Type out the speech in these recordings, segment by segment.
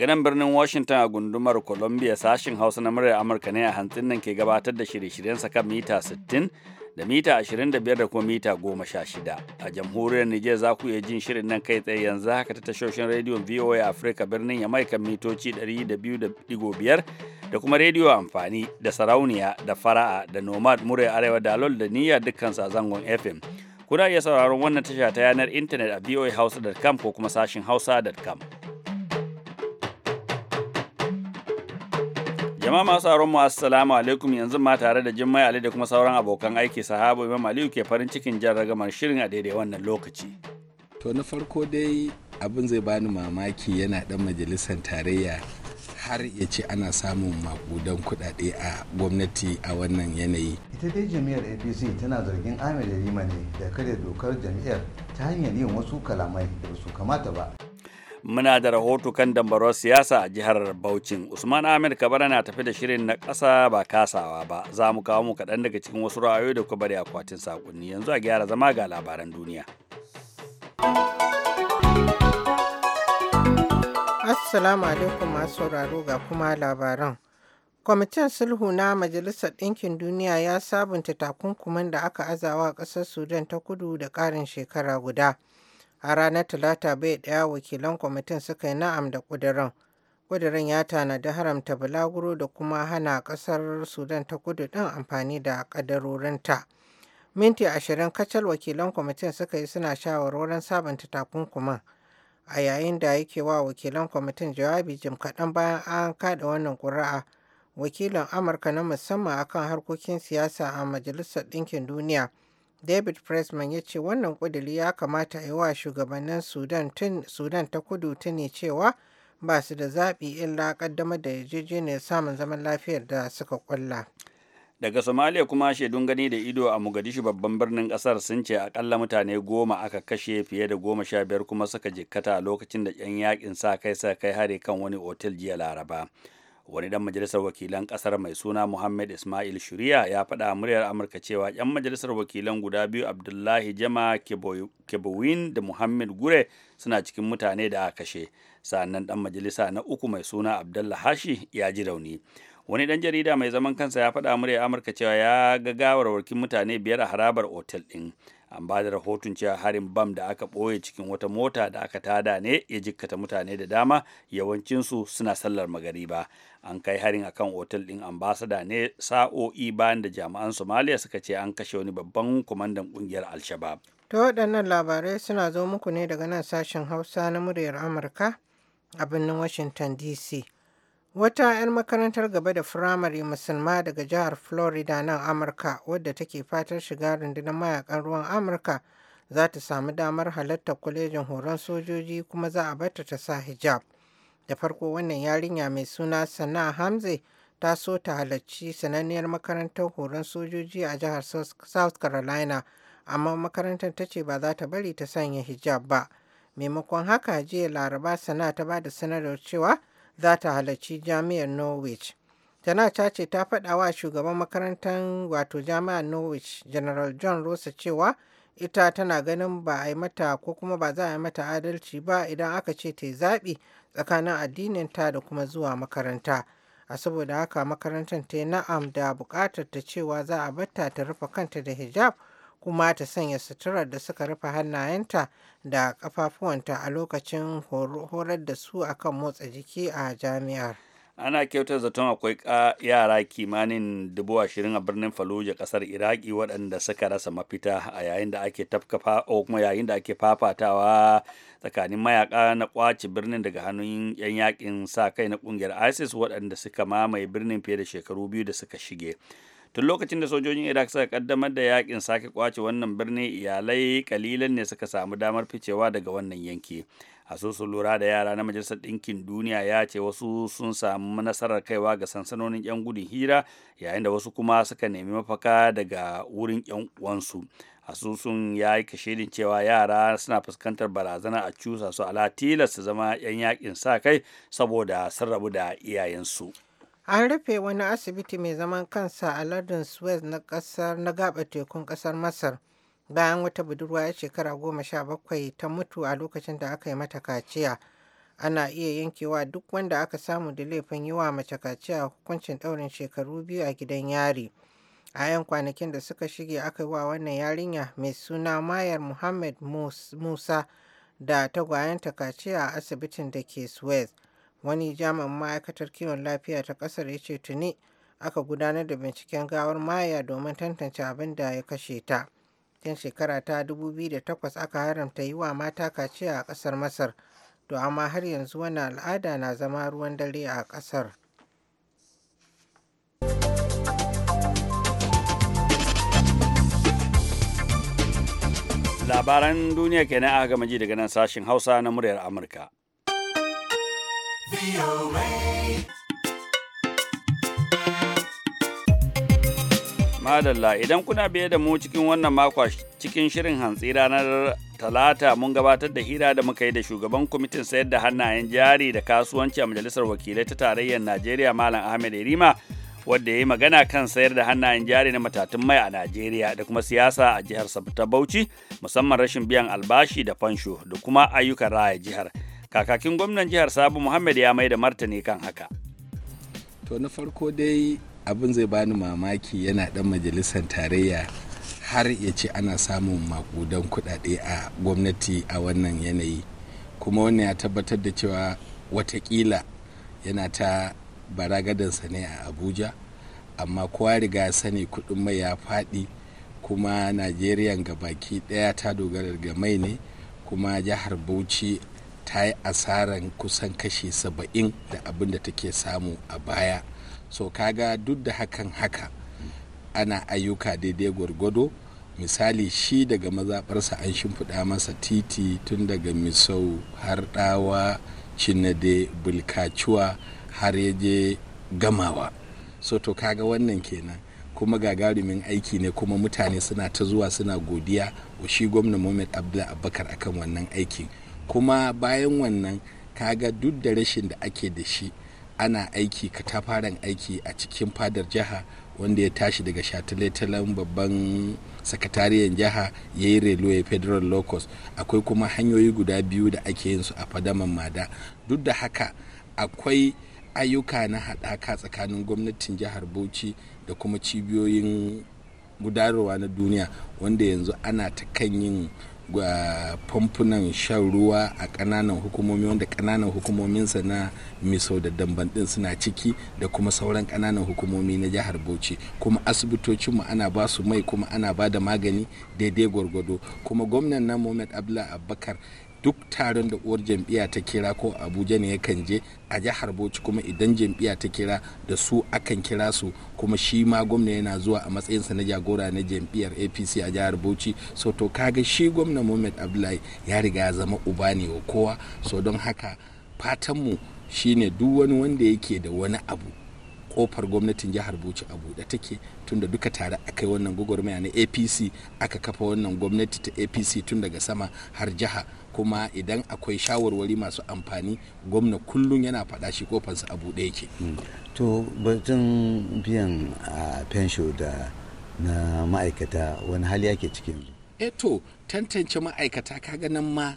daga nan birnin washington a gundumar columbia sashin hausa na muryar amurka ne a hantsin nan ke gabatar da shirye-shiryensa kan mita 60 da mita 25 da kuma mita 16 a jamhuriyar niger za ku iya jin shirin nan kai tsaye yanzu haka ta tashoshin rediyon voa africa birnin yamai kan mitoci 200.5 da kuma rediyo amfani da sarauniya da fara'a da nomad muryar arewa da alol da niyya dukkan sa zangon fm kuna iya sauraron wannan tasha ta yanar intanet a voahausa.com ko kuma sashin hausa.com Jama'a masu sauran mu assalamu alaikum yanzu ma tare da jimmai Ali da kuma sauran abokan aiki sahabo Imam Aliyu ke farin cikin jan ragamar shirin a daidai wannan lokaci. To na farko dai abin zai bani mamaki yana dan majalisar tarayya har ya ce ana samun makudan kuɗaɗe a gwamnati a wannan yanayi. Ita dai jami'ar APC tana zargin Ahmed Yarima ne da karya dokar jami'ar ta hanyar yin wasu kalamai da su kamata ba. muna da rahoto kan dambarwar siyasa a jihar Bauchi Usman Ahmed Kabara na tafi da shirin na ƙasa ba kasawa ba. Za mu kawo mu kaɗan daga cikin wasu ra'ayoyi da kuma bari akwatin saƙonni Yanzu a gyara zama ga labaran duniya. Assalamu alaikum masu sauraro ga kuma labaran. Kwamitin sulhu na Majalisar Ɗinkin Duniya ya sabunta takunkumin da aka azawa ƙasar Sudan ta kudu da ƙarin shekara guda. A ranar Talata bai ɗaya wakilan kwamitin suka yi na'am da ƙudurin. Ƙudurin ya tanadi haramta bulaguro da kuma hana ƙasar Sudan ta kudu ɗin amfani da ƙaddarorinta. Minti ashirin kacal wakilan kwamitin suka yi suna shawarwarin sabunta takunkuman. A yayin da yake wa wakilan kwamitin jawabi jim kaɗan bayan an kaɗa wannan ƙuri'a. wakilin amurka na musamman akan harkokin siyasa a majalisar ɗinkin duniya David Pressman ya ce wannan kuduri ya kamata a yi wa shugabannin Sudan ta kudu tuni cewa ba su da zaɓi illa ƙaddamar da yarjejeniyar samun zaman lafiyar da suka ƙulla. Daga Somalia kuma shaidun gani da ido a Mogadishu babban birnin ƙasar sun ce akalla mutane goma aka kashe fiye da goma sha biyar kuma suka jikkata lokacin da 'yan yakin sa kai sa kai hare kan wani otel jiya Laraba. wani dan majalisar wakilan kasar mai suna muhammad ismail shuriya ya faɗa muryar amurka cewa 'yan majalisar wakilan guda biyu abdullahi jama kebowin da muhammad gure suna cikin mutane da aka kashe sannan dan majalisa na uku mai suna abdullah hashi ya ji rauni wani dan jarida mai zaman kansa ya faɗa muryar amurka cewa ya ga gawarwarkin mutane biyar a harabar otel ɗin an ba da rahoton cewa harin bam da aka ɓoye cikin wata mota da aka tada ne ya jikkata mutane da dama yawancinsu suna sallar magari ba an kai harin akan otel ɗin ambasada ne sa'o'i bayan da jami'an somaliya suka ce an kashe wani babban kwamandan ƙungiyar alshabab to waɗannan labarai suna zo muku ne daga nan sashen hausa na muryar amurka a birnin washington dc Wata 'yan makarantar gaba da firamare Musulma daga jihar Florida nan Amurka wadda take fatar shiga rundunar mayakan ruwan Amurka za ta samu damar halartar kwalejin horon sojoji kuma za a bata ta sa hijab. Da farko wannan yarinya mai suna Sana Hamze ta so ta halarci sananniyar makarantar horon sojoji a jihar South Carolina amma makarantar ta ce ba za ta bari ta sanya hijab ba. Maimakon haka jiya Laraba Sana ta ba da sanarwar cewa za ta halarci jami'ar norwich tana ta ce ta faɗa wa shugaban makarantar wato jami'ar norwich general john rosa cewa ita tana ganin ba a yi mata ko kuma ba za a yi mata adalci ba idan aka ce ta yi zaɓi tsakanin ta da kuma zuwa makaranta a saboda haka makarantar ta yi na'am da buƙatar ta cewa za a batta ta rufe kanta da hijab kuma ta sanya suturar da suka rufe hannayenta da kafafuwanta a lokacin horar da su akan motsa jiki a jami'ar. ana kyautar zaton akwai yara kimanin dubu ashirin a birnin fallujah kasar iraki waɗanda suka rasa mafita a yayin da ake tafka kuma yayin da ake fafatawa tsakanin mayaka na kwaci birnin daga hannun yan yakin sa kai na kungiyar isis waɗanda suka mamaye birnin fiye da shekaru biyu da suka shige tun lokacin da sojojin iraq suka kaddamar da yakin sake kwace wannan birni iyalai kalilan ne suka samu damar ficewa daga wannan yanki asusun lura da yara na majalisar ɗinkin duniya ya ce wasu sun samu nasarar kaiwa ga sansanonin 'yan gudun hira yayin da wasu kuma suka nemi mafaka daga wurin 'yan uwansu asusun ya yi kashedin cewa yara suna fuskantar barazana a cusa su ala tilas su zama 'yan yakin sa kai saboda sun rabu da iyayensu An rufe wani asibiti mai zaman kansa a lardin Suez na kasar na gaba tekun kasar Masar bayan wata budurwa ya shekara goma sha bakwai ta mutu a lokacin da aka yi mata kaciya. Ana iya yankewa duk wanda aka samu da laifin yi wa mace kaciya hukuncin daurin shekaru biyu a gidan yari. A 'yan kwanakin da suka shige aka yi wa wannan yarinya mai suna Mayar Muhammad Musa da tagwayenta kaciya a asibitin da ke Suez. wani jami'in ma'aikatar kiwon lafiya ta kasar ya ce tuni aka gudanar da binciken gawar maya domin tantance abin da ya kashe ta tun shekara ta 2008 aka haramta yi wa mata kaciya a kasar masar to amma har yanzu wani al'ada na zama ruwan dare a kasar labaran duniya kenan aka gama ji daga nan sashen hausa na muryar amurka Madalla idan kuna biye da mu cikin wannan mako cikin shirin hantsi ranar talata mun gabatar da hira da muka yi da shugaban kwamitin sayar da hannayen jari da kasuwanci a majalisar wakilai ta tarayyar Najeriya Malam Ahmed Yarima wadda ya yi magana kan sayar da hannayen jari na matatun mai a Najeriya da kuma siyasa a jihar Sabta Bauchi musamman rashin biyan albashi da fansho da kuma ayyukan raya jihar. kakakin gwamnan jihar sabu muhammad ya mai da martani kan haka to na farko dai abin zai bani mamaki yana dan majalisar tarayya har ya ce ana samun makudan kudade a gwamnati a wannan yanayi kuma wannan ya tabbatar da cewa watakila yana ta baragadansa ne a abuja amma kowa riga sani kudin mai ya faɗi kuma najeriya ga baki ɗaya ta dogara ga mai ne kuma jihar bauchi ta yi asaran kusan kashi saba'in da abin da take samu a baya so kaga duk da hakan haka ana ayyuka daidai gwargwado misali shi daga mazaɓarsa an shimfiɗa masa titi tun daga misau har ɗawa cinade bulkacuwa har ya je gamawa so to kaga wannan kenan kuma gagarumin aiki ne kuma mutane suna ta zuwa suna godiya wa shi gwamna mohamed abdullahi abubakar akan wannan aikin kuma bayan wannan kaga duk da rashin da ake da shi ana aiki ka katafaren aiki a cikin fadar jiha wanda ya tashi daga shataletalen babban sakatariyan jiha ya yi railway federal locus akwai kuma hanyoyi guda biyu da ake yin su a fadaman mada duk da haka akwai ayyuka na haɗaka tsakanin gwamnatin jihar bauchi da kuma cibiyoyin gudarwa na duniya wanda yanzu ana ta kan yin ga famfunan shan ruwa a kananan hukumomi wanda ƙananan hukumominsa na miso da damban ɗin suna ciki da kuma sauran kananan hukumomi na jihar bauchi kuma asibitocinmu ana ba su mai kuma ana ba da magani daidai gwargwado kuma gwamnan na mohamed abubakar duk taron da uwar jam'iyya ta kira ko abuja ne yakan je a jihar bauchi kuma idan jam'iyya ta kira da su akan kira su kuma shi ma gwamna yana zuwa a matsayinsa na jagora na jam'iyyar apc a jihar bauchi so to kaga shi gwamna mohamed abdullahi ya riga ya zama uba ne wa kowa so don haka fatanmu shine duk wani wanda yake da wani abu kofar gwamnatin jihar Bauchi a buɗe take tunda duka tare aka yi wannan gwagwarmaya na APC aka kafa wannan gwamnati ta APC tun daga sama har jiha kuma idan akwai shawarwari masu amfani gwamna kullum yana faɗa shi kofarsa a buɗe yake. Hmm. To batun biyan a fensho da na ma'aikata wani hali yake cikin e eh to tantance ma'aikata kaga nan ma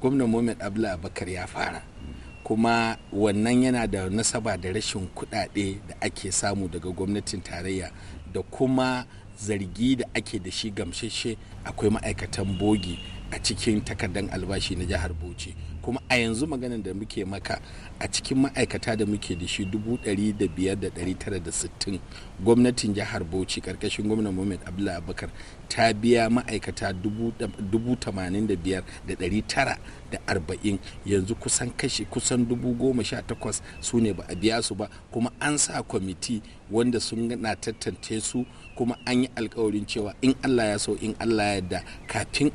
gwamnan mohamed abdullahi abakar ya fara hmm. kuma wannan yana da nasaba da rashin kuɗaɗe da ake samu daga gwamnatin tarayya da kuma zargi da ake da shi gamsheshe akwai ma'aikatan bogi a cikin takardar albashi na jihar bauchi kuma a yanzu maganin da muke maka a cikin ma'aikata da muke da shi 5,960 gwamnatin jihar bauchi karkashin gwamnan muhammad abdullahi abubakar ta biya ma'aikata 85,940 yanzu kusan kashi kusan 18,000 su ne ba a biya su ba kuma an sa kwamiti wanda sun na tattance su kuma an yi alkawarin cewa in allah ya so in allah ya da kafin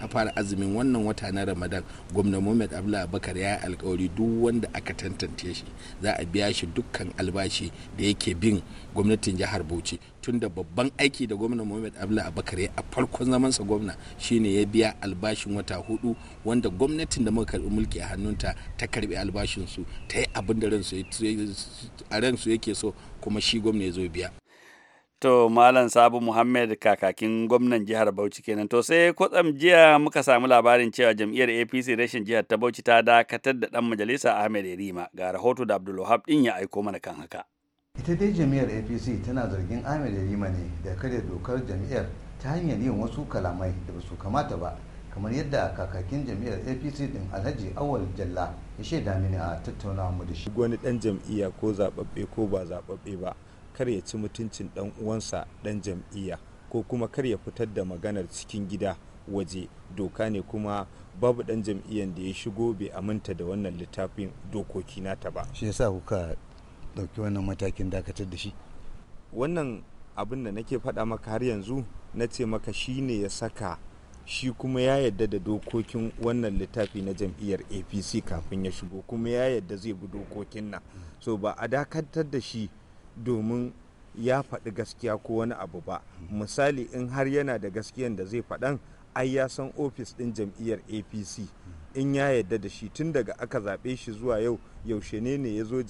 a fara azumin wannan wata na ramadan gwamnan muhammad abdullahi abubakar ya yi alkawari duk wanda aka tantance shi za a biya shi dukkan albashi da yake bin gwamnatin jihar bauchi tunda babban aiki da gwamna muhammad abla abakar a farkon zamansa gwamna shine ya biya albashin wata hudu wanda gwamnatin da muka karbi mulki a hannunta ta karbi albashin su ta yi abin da ransu yake so kuma shi gwamna ya zo biya To Malam Sabu Muhammad kakakin gwamnan jihar Bauchi kenan. To sai kutsam jiya muka samu labarin cewa jam'iyyar APC rashin jihar ta Bauchi ta dakatar da ɗan majalisa Ahmed rima ga rahoto da Abdulwahab ɗin ya aiko mana kan haka. Ita dai jam'iyyar APC tana zargin Ahmed Yarima ne da karya dokar jam'iyyar ta hanyar yin wasu kalamai da ba su kamata ba kamar yadda kakakin jam'iyyar APC din Alhaji Awal Jalla ya shaida mini a tattaunawa mu da shi. Wani ɗan jam'iyya ko zaɓaɓɓe ko ba zaɓaɓɓe ba kar ya ci mutuncin dan uwansa dan jam'iyya ko kuma kar ya fitar da maganar cikin gida waje doka ne kuma babu dan jam'iyyar da ya shigo bai aminta da wannan littafin dokoki nata ba shi yasa kuka ɗauki wannan matakin dakatar da shi wannan abin da nake faɗa maka har yanzu na ce maka shi ne ya saka shi kuma ya yadda da dokokin wannan littafi na jam'iyyar apc kafin ya shigo kuma ya yadda zai bi dokokin nan so ba a dakatar da shi domin ya faɗi gaskiya ko wani abu ba misali in har yana da gaskiyan da zai faɗan ai ya san ofis ɗin jam'iyyar apc in ya yadda da shi tun daga aka zaɓe shi zuwa yau yaushe ne ne ya zo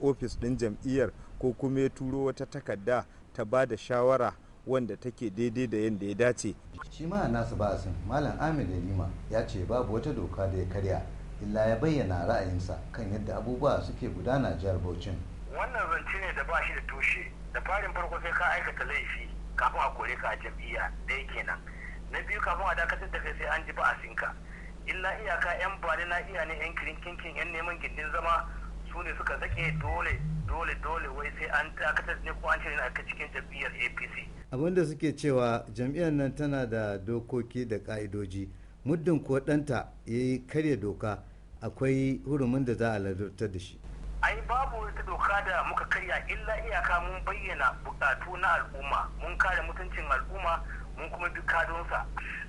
ofis ɗin jam'iyyar ko kuma ya turo wata takarda ta ba da shawara wanda take daidai da yadda ya dace shi ma nasu ba san malam amir yarima ya ce babu wata doka da ya karya illa ya bayyana ra'ayinsa kan yadda abubuwa suke gudana jihar bauchin wannan zance ne da ba shi da tushe da farin farko sai ka aikata laifi kafin a kore ka a jam'iyya ɗaya kenan na biyu kafin a dakatar da kai sai an ji ba sinka illa iyaka yan bani na iya ne yan kirinkinkin yan neman gindin zama su ne suka zake dole dole dole wai sai an dakatar ne ko an cire a cikin jam'iyyar apc abin da suke cewa jam'iyyar nan tana da dokoki da ka'idoji muddin ko ɗanta ya yi karya doka akwai hurumin da za a ladartar da shi ai babu wata doka da muka karya illa iyaka mun bayyana bukatu na al'umma mun kare mutuncin al'umma mun kuma bi kadonsa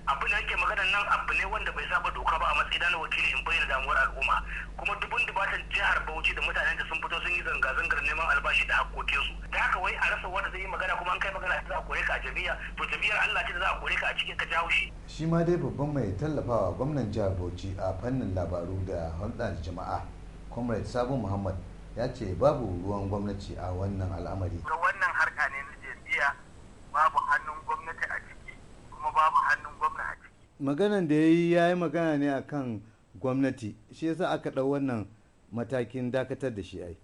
abin da yake magana nan abu ne wanda bai saba doka ba a matsayi na wakili in bayyana damuwar al'umma kuma dubun dubatan jihar Bauchi da mutanen da sun fito sun yi zanga zangar neman albashi da hakkokin su da haka wai a rasa wanda zai yi magana kuma an kai magana za a kore ka a jami'a to jami'ar Allah ce da za a kore ka a cikin ka jawo shi shi ma dai babban mai tallafawa gwamnan jihar Bauchi a fannin labaru da hulɗar jama'a comrade sabo muhammad ya ce babu ruwan gwamnati a wannan al'amari wannan harka ne na jam'iyya babu hannun gwamnati a ciki kuma babu hannun gwamnati a ciki maganan da ya yi ya yi magana ne akan gwamnati shi yasa aka ɗau wannan matakin dakatar da shi ai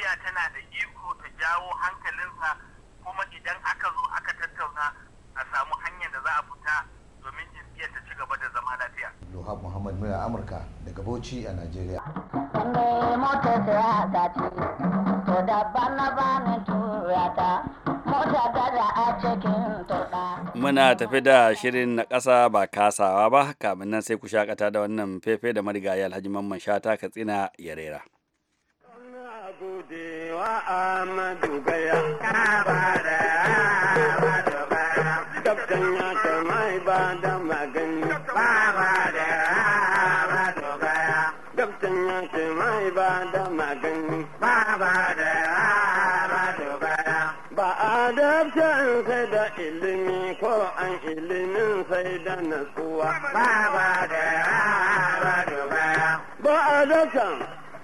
jam'iyya tana da iko ta jawo hankalinsa kuma idan aka zo aka tattauna a samu hanyar da za a fita domin jam'iyyar ta ci gaba da zama lafiya. Luha Muhammad Mura Amurka daga Bauchi a Najeriya. mota to daban na bani turata, mota a cikin Muna tafi da shirin na ƙasa ba kasawa ba, kamin nan sai ku shakata da wannan fefe da marigayi Alhaji Mamman Shata Katsina ya rera. gode wa Amadu Gaya. Kabara Amadu Gaya. Kaftan ya ta mai ba da magani. Babara Amadu Gaya. Kaftan ya ta mai ba da magani. Babara Amadu Gaya. Ba a daftan sai da ilimi ko an ilimin sai da natsuwa. Babara Amadu Gaya. Ba a daftan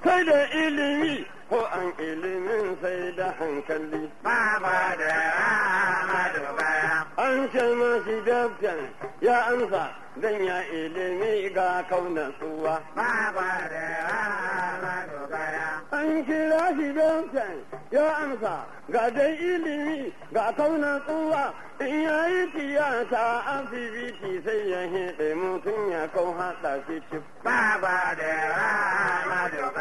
sai da ilimi ko an ilimin sai da hankali. Baba da Ahmadu baya. An ce mashi daftar ya amsa zan ya ilimi ga kauna suwa. Baba da Ahmadu baya. An kira shi daftar ya amsa ga dai ilimi ga kauna suwa. In ya yi tiyata asibiti sai ya hebe mutum ya kau haɗa shi Baba da Ahmadu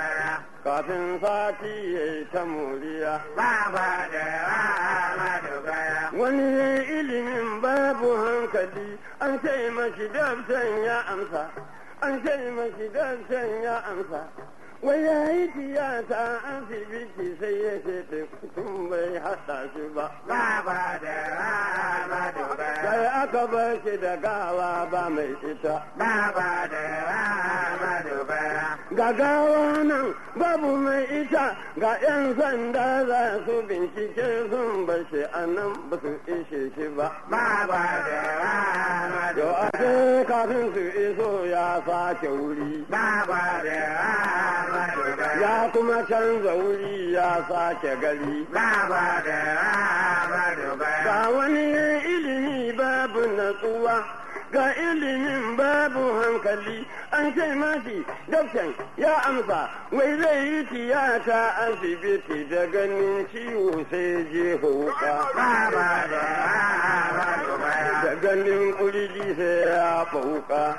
kafin sati ya yi ta moriya. Baba da Ahmadu Gaya. Wani ya ilimin babu hankali, an ce mashi dabtan ya amsa, an sai mashi dabtan ya amsa. wai ya yi tiyata an ki saye ya ce tun bai haɗa shi ba. Ba ba da rama da ba. Sai aka bar shi da gawa ba mai ita. Ba ba da rama da ba. Ga gawa nan babu mai ita ga 'yan sanda za su bincike sun bar shi a nan ba su ishe shi ba. Ba ba da rama da ba. Yau a kafin su iso ya sace wuri. Ba ba da rama ya kuma canza wuri ya sake gari ba wani ilimi babu natsuwa ga ilimin babu hankali an ce mafi daktan ya amsa wai zai yi tiyata asibiti da ganin ciwo sai je hauka da ganin kulili sai ya fauka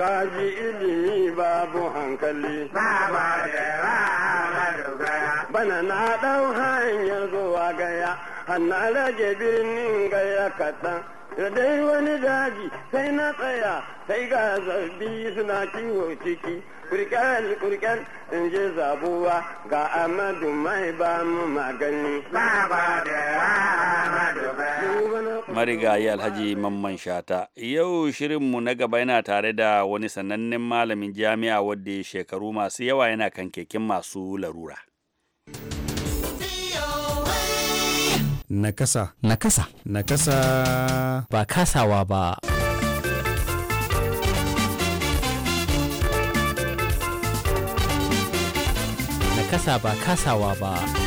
kaji ilimi babu hankali baba da ba bana na ɗan hanyar zuwa gaya hannu rage birnin gaya kaɗan da dai wani daji sai na tsaya sai ga zabi suna kiwo ciki kurkel kurkel in je zabuwa ga amadu mai ba mu magani baba da marigayi alhaji mamman shata yau shirinmu na gaba yana tare da wani sanannen malamin jami'a wadda shekaru masu yawa yana kan keken masu larura nakasa nakasa nakasa ba kasawa ba nakasa ba kasawa ba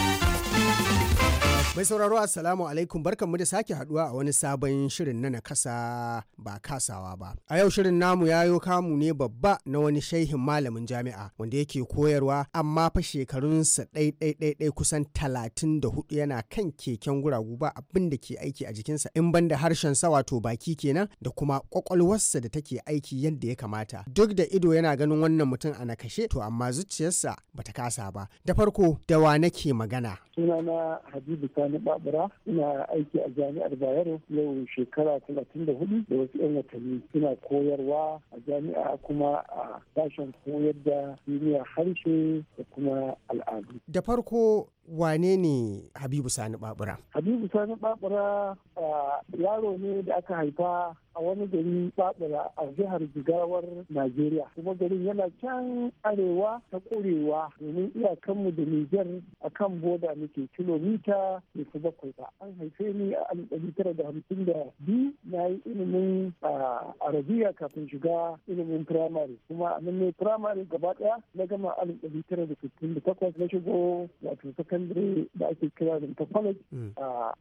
Mai sauraro Assalamu alaikum mu da sake haduwa a wani sabon shirin na nakasa ba kasawa ba. A yau shirin namu yayo kamu ne babba na wani shaihin malamin jami'a wanda yake koyarwa amma fa shekarunsa ɗai kusan talatin da hudu yana kan keken guragu ba abin da ke aiki a jikinsa in ban da harshen sa wato baki kenan da kuma kwakwalwarsa da take aiki yadda ya kamata. Duk da ido yana ganin wannan mutum a nakashe to amma zuciyarsa bata kasa ba. Da farko da wa nake magana. Sunana Habibu Sani Babura ina aiki a jami'ar Bayero yau shekara talatin da hudu da wasu 'yan watanni ina koyarwa a jami'a kuma a sashen koyar da duniya harshe da kuma al'adu. Da farko wane ne habibu sani babura habibu sani babura uh, yaro ne da aka haifa a wani gari babura a jihar jigawar najeriya kuma garin yana can arewa ta kurewa domin iyakanmu da nijar a kan boda muke kilomita da su bakwai ba an haife ni a alif tara da hamsin da biyu na yi ilimin uh, arabiya kafin shiga ilimin firamare kuma a nan ne firamare gaba daya na gama alif tara da sittin da takwas na shigo wato sakandare da ake kira da college mm.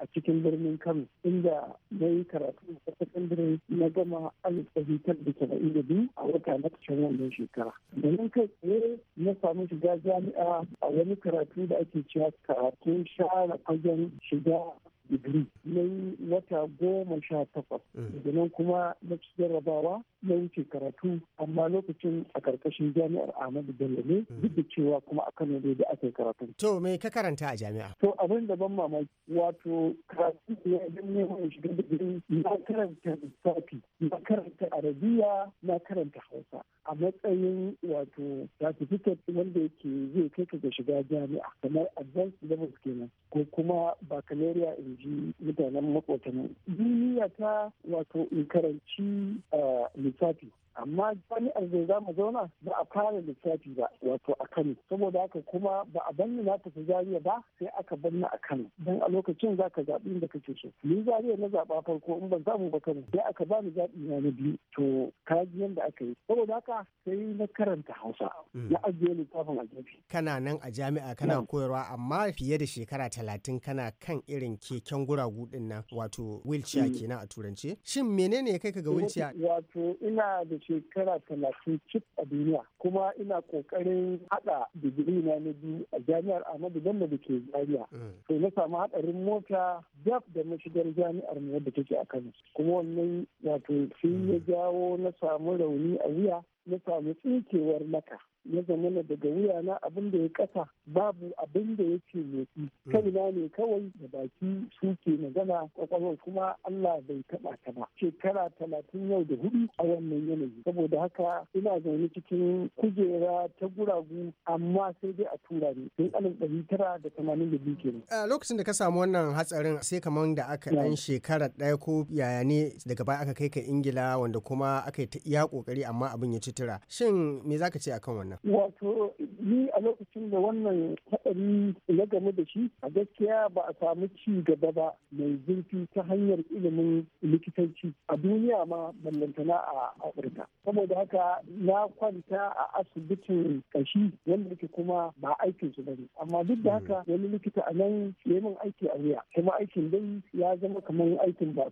a cikin birnin kano inda na yi karatu a sakandare na gama alif hitar da da biyu a wata na cikin wannan shekara da nan kai tsaye na samu shiga jami'a a wani karatu da ake cewa karatun share fagen shiga digiri na yi wata goma sha takwas eh. daga nan kuma na ci jarrabawa na wuce karatu amma lokacin a karkashin jami'ar ahmadu bello ne eh. duk da cewa kuma a kano ne da aka yi karatu. to me ka karanta a jami'a. to abin da ban mamaki wato karatu ne idan neman shiga digiri na karanta lissafi na karanta arabiya na karanta hausa a matsayin wato certificate wanda yake zai kai ka ga shiga jami'a kamar advanced level kenan ko kuma bakaleriya in ji mutanen makwatanin duniya ta wato in karanci eh, lissafi amma jami'ar zai za mu zauna ba a fara lissafi ba wato a kano saboda haka kuma ba a ni na tafi zariya ba sai aka ni a kano don a lokacin za ka zaɓi inda kake so ni zariya na zaɓa farko in ban samu ba kano sai aka bani zaɓi na na biyu to ka ji yadda aka yi saboda haka sai na karanta hausa mm. na ajiye littafin a gefe. kana nan a jami'a kana koyarwa amma fiye da shekara talatin kana kan irin keken guragu din nan wato wheelchair mm. kenan a turance shin menene ya kai ka ga wheelchair. wato ina da shi shekara talatin cif a duniya kuma ina kokarin haɗa digiri na na biyu a jami'ar Ahmadu Bello da ke Zariya. Mm. To na samu haɗarin mota jaf da mashigar jami'ar mu wadda take a Kano. Kuma wannan wato sai ya jawo na samu rauni a wuya ya samu tsinkewar maka Na zamana daga wuya na abin da ya kasa babu abin da ya ce motsi mm. kaina ne kawai da baki suke magana kwakwalwar kuma Allah bai taba ta ba shekara talatin yau da hudu a wannan yanayi saboda haka ina zaune cikin kujera ta guragu amma sai dai a tura ne alif ɗari tara da tamanin da biyu kenan. a lokacin da ka samu wannan hatsarin sai kamar da aka ɗan shekara ɗaya ko yaya ne daga baya aka kai ka ingila wanda kuma aka yi ta iya ƙoƙari amma abin ya ci sutura shin me zaka ce akan wannan wato ni a lokacin da wannan haɗari ya game da shi a gaskiya ba a samu ci gaba ba mai zurfi ta hanyar ilimin likitanci a duniya ma ballantana a afirka saboda haka na kwanta a asibitin kashi wanda yake kuma ba aikin su bane amma duk da haka hmm. wani likita a nan ya min aiki a wuya kuma aikin dai ya zama kamar aikin ba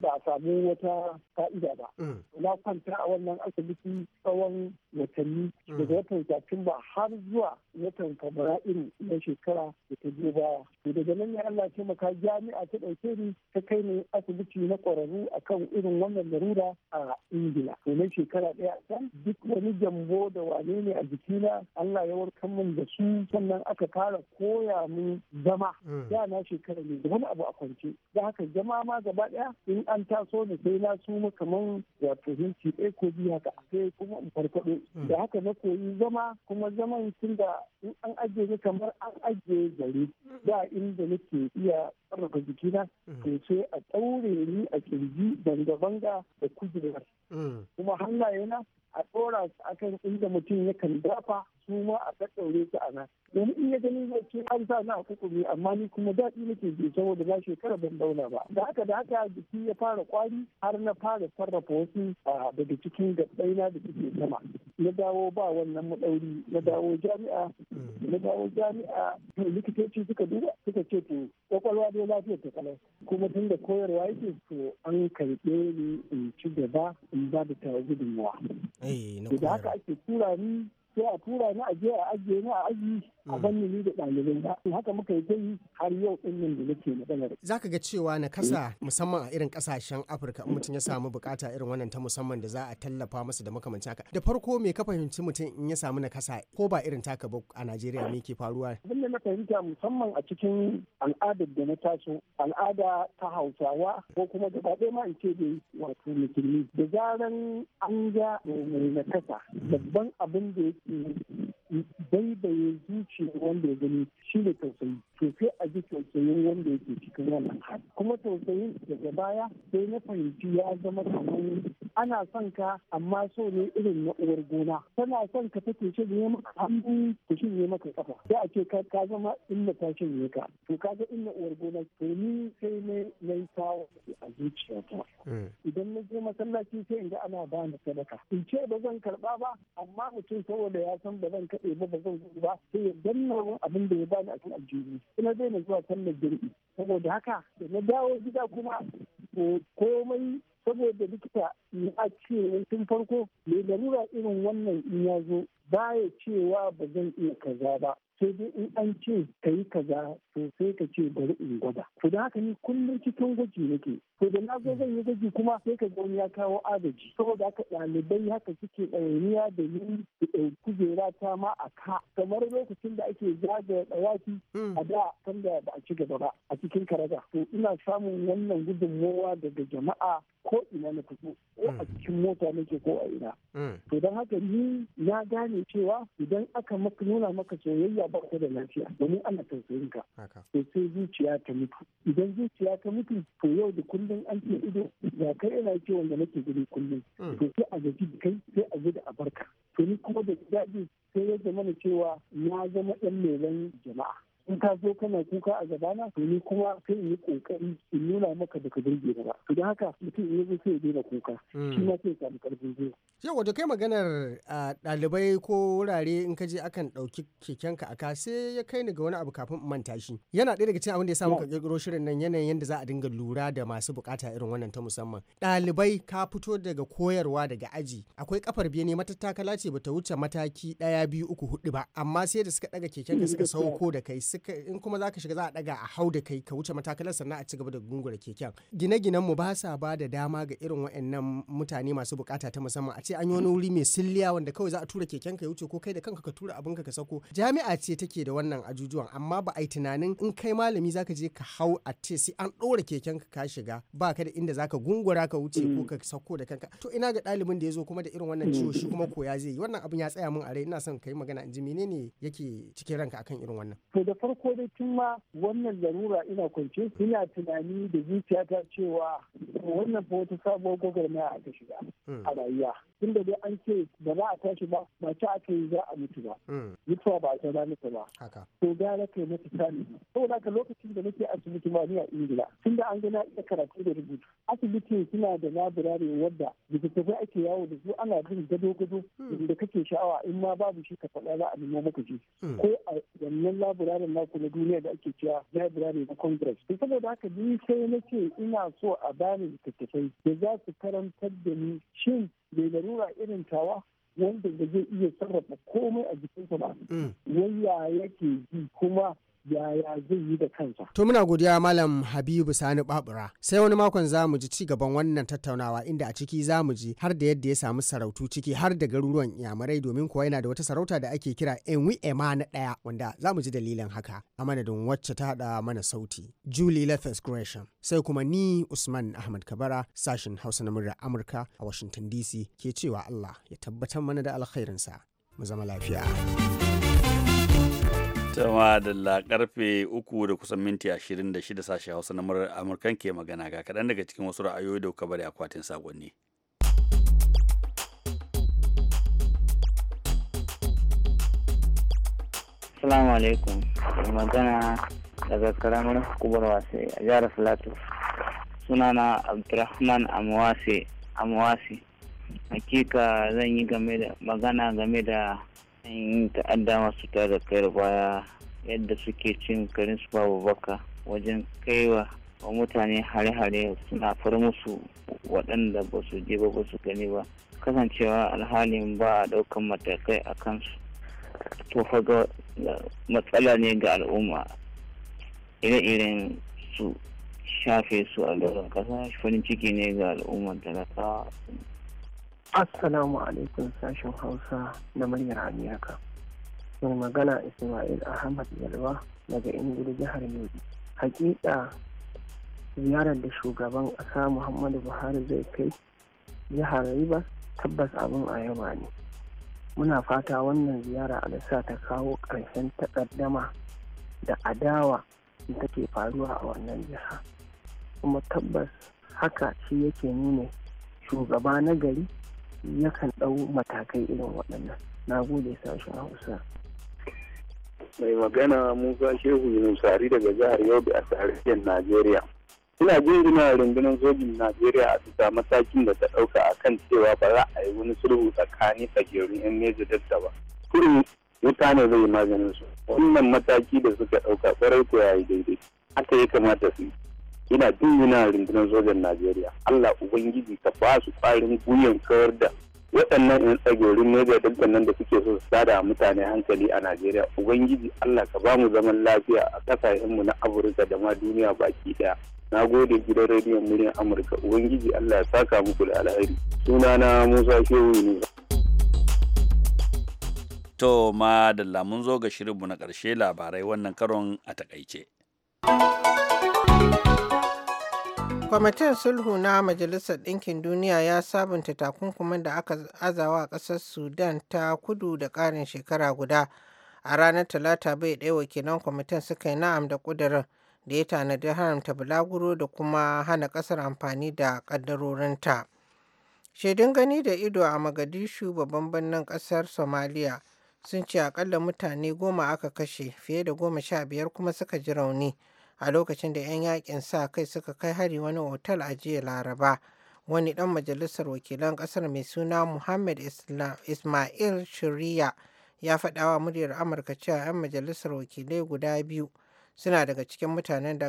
ba a samu wata fa'ida ba hmm. na kwanta a wannan asibiti tsawon watanni mm. daga watan satumba har zuwa watan fabrairu na shekara da ta je baya to daga nan ya allah maka jami'a ta ɗauke ni ta kai ni asibiti na ƙwararru akan irin wannan larura a ingila to na shekara ɗaya can duk wani jambo da wane ne a jikina allah ya warkar min da su sannan aka fara koya min zama mm. da na shekara ne da wani abu a kwance da haka zama ma gaba ɗaya in an taso da sai na suma kamar wato hinci ɗaya ko biyu haka kuma in farfaɗo hmm. da haka na koyi zama kuma zaman tun da in an ajiye ni kamar an ajiye gari da hmm. inda nake iya sarrafa jikina hmm. to sai a ɗaure ni a kirji banga-banga da kujerar kuma hannayena a ɗora su akan inda mutum yakan dafa su ma a ɗaɗɗaure su a nan domin in ya gani zai ce an sa na kukumi amma ni kuma daɗi nake bi saboda za shekara ban dauna ba da haka da haka jiki ya fara kwari har na fara sarrafa wasu daga cikin gaɓɓaina da suke sama na dawo ba wannan maɗauri na dawo jami'a mm. na dawo jami'a likitoci suka duba suka ce to kwakwalwa dai lafiyar ta kalau kuma tun da koyarwa yake to an karɓe ni in ci gaba in ba da ta gudunmawa. Eh, da haka ake tura ni sai a tura ni a je a ajiye ni a aji a mm. ban ni da ɗalibai ba in haka muka yi yi har yau ɗin nan da nake maganar za ka ga cewa na kasa musamman a irin kasashen afirka in mutum ya samu bukata irin wannan ta musamman da za a tallafa masa da makamancin haka da farko me ka fahimci mutum in ya samu na kasa ko ba irin taka ba a najeriya me ke faruwa abin da na fahimta musamman a cikin al'adar da na taso al'ada ta hausawa ko kuma gaba ɗaya ma in ce dai wato musulmi da zaran an ga mai na kasa babban abin da yake daidai zuciya shi wanda ya gani shi ne tausayi to sai a ji tausayin wanda yake cikin wannan hali kuma tausayin daga baya sai na fahimci ya zama kamar ana son ka amma so ne irin na uwar gona tana son ka take shi ne maka hannu ta shi ne maka kafa sai a ce ka zama inda ta shi ne ka to ka ga inda uwar gona to ni sai na yi kawo a zuciyata mm. idan na je masallaci sai in ga ana ba ni sadaka in ce ba zan karba ba amma mutum saboda ya san ba zan kaɗe ba ba zan zo ba sai ya danna wani abin da ya bani a kan aljihu zai na zuwa sallar jirgi saboda haka da na dawo gida kuma komai saboda likita a ce tun farko mai lalura irin wannan in ya zo baya cewa ba zan iya kaza ba sai dai in an ce ka yi kaza to sai ka ce bari in gwada to da haka ni kullum cikin gwaji nake to da na zo zan yi gwaji kuma sai ka wani ya kawo agaji saboda haka ɗalibai haka suke ɗayaniya da ni kujera ta ma a ka kamar lokacin da ake zagaya ɗawaki hmm. a da kan da ba a ci gaba ba a cikin karaga to ina samun wannan gudunmowa daga jama'a ko ina na fito cikin mota nake ko a ina mm. to don haka ni na gane cewa idan aka maka nuna maka soyayya ba ka da lafiya domin ana tausayin ka to sai zuciya ta mutu idan zuciya ta mutu to yau da kullum an ce ido ya kai ina ce wanda nake gani kullum mm. to sai a gaji kai sai a gudu a barka to ni kuma da daɗi sai ya zama cewa na zama ɗan lelen jama'a in ka zo kana kuka a gabana to ni kuma sai in yi kokari in nuna maka da ka dirge ba to don haka mutum in yazo sai ya daina kuka hmm. shi ma sai ya samu karfin zuwa yau wato kai maganar ɗalibai ko wurare in ka je akan ɗauki kekenka a sai ya kai ni ga wani abu kafin in manta shi yana ɗaya daga cikin abin da ya samu ka kirkiro shirin nan yanayin yadda za a dinga lura da masu bukata irin wannan ta musamman ɗalibai ka fito daga koyarwa daga aji akwai kafar biyu ne matattakala ce bata wuce mataki ɗaya biyu uku hudu ba amma sai da suka ɗaga da hmm, suka sauko da kai in kuma za ka shiga za a daga a hau da kai ka wuce matakalar sannan a ci gaba da gungura keken gine-ginen mu ba sa ba da dama ga irin waɗannan mutane masu bukata ta musamman a ce an yi wani wuri mai silliya wanda kawai za a tura keken ka wuce ko kai da kanka ka tura abinka ka sako jami'a ce take da wannan ajujuwan amma ba a yi tunanin in kai malami za ka je ka hau a ce sai an ɗora keken ka ka shiga ba ka da inda za ka gungura ka wuce ko ka sako da kanka to ina ga ɗalibin da ya zo kuma da irin wannan ciwo shi kuma koya zai yi wannan abin ya tsaya min a rai ina son ka yi magana in ji menene yake cikin ranka akan irin wannan. farko dai tun ma wannan larura ina kwance ina tunani da zuciyata cewa wannan fa wata sabuwar gwagwarmaya aka shiga a hmm. rayuwa tunda dai an ce ba za a tashi ba ba ta aka yi za a mutu ba hmm. mutuwa ba a ta ranuka ba to gara kai mata sani saboda haka lokacin da nake asibiti ba ni a ingila tunda an gana iya karatu da rubutu asibiti suna da laburare wadda littattafai ake yawo da su ana bin gado-gado hmm. da kake sha'awa in ma babu shi ka faɗa za a nemo maka ji ko a wannan labiraren naku na duniya da ake cewa ne na congress to saboda haka ni sai na ce ina so a bani littattafai da za su karantar da ni shin bai larura irin tawa wanda da zai iya sarrafa komai a jikinsa ba mm. wai ya yake ji kuma yaya zai yi da kansa. To muna godiya Malam Habibu Sani Babura. Sai wani makon za mu ji ci gaban wannan tattaunawa inda a ciki za mu ji har da yadda ya samu sarautu ciki har da garuruwan yamarai domin kuwa yana da wata sarauta da ake kira Enwi Ema na ɗaya wanda za mu ji dalilin haka a manadin wacce ta haɗa mana sauti. Julie Lefes Gresham. Sai kuma ni Usman Ahmad Kabara sashin Hausa na murar Amurka a Washington DC ke cewa Allah ya tabbatar mana da alkhairinsa. Mu zama lafiya. Tama da karfe uku da kusan minti ashirin da shida sashe Hausa na murar Amurkan ke magana ga kaɗan daga cikin wasu ra'ayoyi da kuka bari akwatin saƙonni. Salamu alaikum. Magana daga karamar hukumar wase a jihar Filato. Sunana Abdurrahman Amuwasi, Amuwasi. Hakika zan yi magana game da yin ta'adda masu ta da kayar baya yadda suke cin karin su babu baka wajen kaiwa wa mutane hare-hare suna far musu waɗanda ba su je ba su gani ba kasancewa alhalin ba a ɗaukan matakai a kansu to faga matsala ne ga al'umma ire-iren su shafe su a gaban ƙasa farin ciki ne ga al'umma talakawa Assalamu alaikum sashen Hausa na muryar Amerika. Mai magana Ismail Ahmad Yalwa daga Ingila jihar Yobe. Hakika ziyarar da shugaban ƙasa Muhammadu Buhari zai kai jihar Rivers tabbas abin a yaba ne. Muna fata wannan ziyara a alisa ta kawo ƙarshen takaddama da adawa da take faruwa a wannan jiha. Kuma tabbas haka shi yake nuna shugaba na gari yakan ɗau matakai irin waɗannan na gode sashen hausa mai magana musa shehu yunusari daga jihar yobe a tarihin najeriya ina jingina rundunar sojin najeriya a bisa matakin da ta ɗauka a kan cewa ba za a yi wani sulhu tsakanin tsakirin yan neja dadda ba kurin wuta zai maganin su wannan mataki da suka ɗauka kwarai ko yi daidai haka ya kamata su yi yana jin yana rundunar sojan najeriya allah ubangiji ka ba su kwarin gwiwan kawar da waɗannan 'yan tsagorin ne da nan da suke so su sada mutane hankali a najeriya ubangiji allah ka ba mu zaman lafiya a mu na afirka da ma duniya baki ɗaya na gode gidan rediyon muryar amurka ubangiji allah ya saka muku da alheri sunana musa shehu ne To ma da lamun zo ga shirinmu na ƙarshe labarai wannan karon a takaice. kwamitin sulhu na majalisar ɗinkin duniya ya sabunta takunkumin da aka azawa a ƙasar sudan ta kudu da ƙarin shekara guda a ranar talata bai ɗaya wakilan kwamitin suka yi na'am da ƙudurin da ya tanadi haramta bulaguro da kuma hana ƙasar amfani da ƙaddarorinta shaidun gani da ido a magadishu babban birnin ƙasar somaliya sun ce akalla mutane goma aka kashe fiye da goma sha biyar kuma suka ji rauni a lokacin da 'yan yakin sa kai suka kai hari wani otal a jiya laraba wani dan majalisar wakilan kasar mai suna muhammad ismail shiriya ya faɗawa muryar amurka cewa 'yan majalisar wakilai guda biyu suna daga cikin mutanen da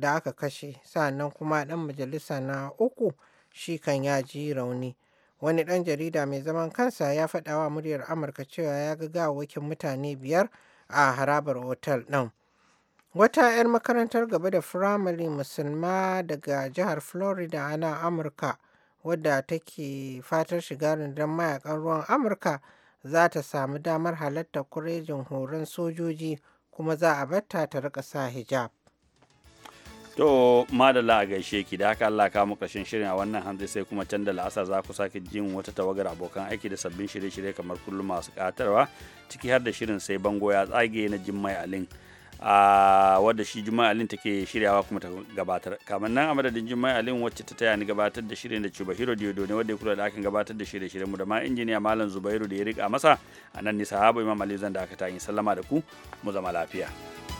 aka kashe sannan kuma dan majalisa na uku shi kan ya ji rauni wani dan jarida mai zaman kansa ya faɗawa muryar amurka cewa ya ga gawakin mutane biyar a harabar otal ɗin Wata 'yar makarantar gaba da firamare Musulma daga jihar Florida ana Amurka wadda take fatar shiga rundunar mayakan ruwan Amurka za ta samu damar halartar kurejin horon sojoji kuma za a batta ta rika sa hijab. To, madalla a gaishe ki da haka Allah ka muka shin shirin a wannan hanzu sai kuma can da la'asa za ku sake jin wata tawagar abokan aiki da sabbin shirye-shirye kamar kullum masu katarwa ciki har da shirin sai bango ya tsage na Jimmai Alin. a wadda shi juma'a alin take shiryawa kuma ta gabatar kamar nan a madadin juma'a alin wacce ta taya ni gabatar da shirin da cuba hiro diodo ne wadda ya kula da akan gabatar da shirye shiryen mu da ma injiniya malam zubairu da ya rika masa a nan ni sahaba imam ali zan da aka ta sallama da ku mu zama lafiya